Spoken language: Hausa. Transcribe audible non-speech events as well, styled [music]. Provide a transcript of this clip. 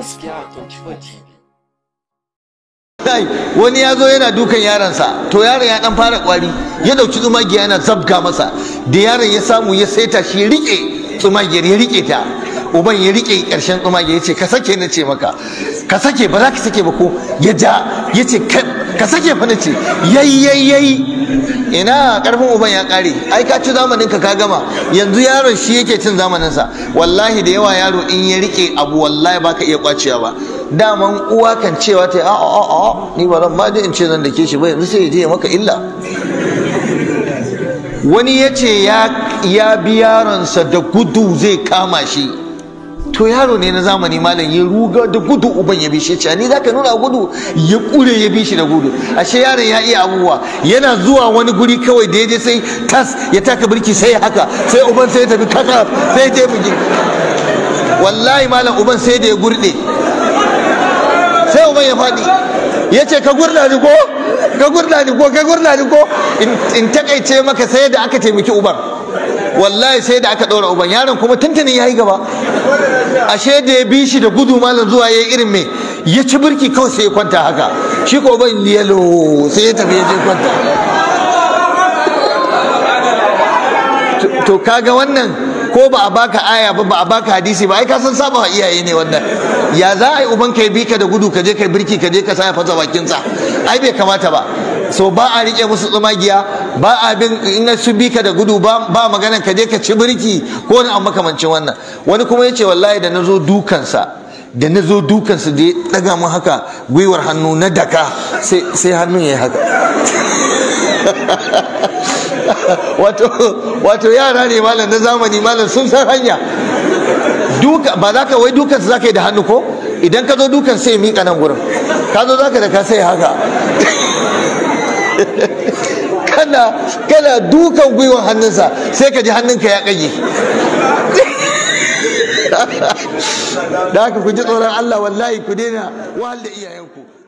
gaskiya Dai, wani ya zo yana dukan yaransa, to yaron ya dan fara kwari ya dauki tsumagi yana zabga masa da yaron ya samu ya saita shi rike tsumagiyar ya rike ta uban ya rike karshen tsumagiyar ya ce ka sake na ce maka ka sake ba za ka sake ba ko ya ja ya ce ka sake fa na ce yayi yayi yayi ina karfin uban ya kare ai ka ci zamanin ka ka gama yanzu yaron shi yake cin zamanin sa wallahi da yawa yaro in ya rike abu wallahi baka iya kwa'ciya ba daman uwa kan cewa ta a a a ni ba ran ma dai in ce zan dake shi ba yanzu sai ya je maka illa wani ya ya bi yaronsa da gudu zai kama shi to yaro ne na zamani malam ya ruga da gudu uban ya bishe ci ni zaka nuna gudu ya kure ya bishi da gudu ashe yaron ya iya abubuwa yana zuwa wani guri kawai da yaje sai tas ya taka birki sai haka sai uban sai ya tafi kaka sai ya je bugi wallahi malam uban sai da ya gurde sai uban ya faɗi ya ce ka gurda ni ko ka gurda ni ko ka gurda ni ko in takaice maka sai da aka taimaki uban wallahi sai da aka ɗaura uban yaron kuma tuntuni yayi gaba ashe da ya bi shi da gudu malam zuwa ya yi irin me ya ci birki kawai sai ya kwanta haka shi ko ban yalo sai ya tafi ya je kwanta to kaga wannan ko ba a baka aya ba ba a baka hadisi ba ai ka san saba iyaye ne wannan ya za a yi uban ka bi ka da gudu ka je kai birki ka je ka sa ya fasa sa ai bai kamata ba so ba a rike musu tsumagiya ba a bin in su bi ka da gudu ba magana ka je ka ci birki ko wani abu makamancin wannan wani kuma yace wallahi da nazo dukansa da nazo dukansa da ya daga mu haka gwiwar hannu na daka sai sai hannun yayi haka [laughs] wato wato yara ne malam na zamani malam sun san hanya duka ba za ka wai dukansa za ka yi da hannu ko idan ka zo dukan sai miƙa nan gurin ka zo za ka da ka sai haka [laughs] kana kana dukan gwiwon hannunsa sai ka ji hannunka ya kage [laughs] da haka ku ji tsoron Allah wallahi ku daina wahal da iyayenku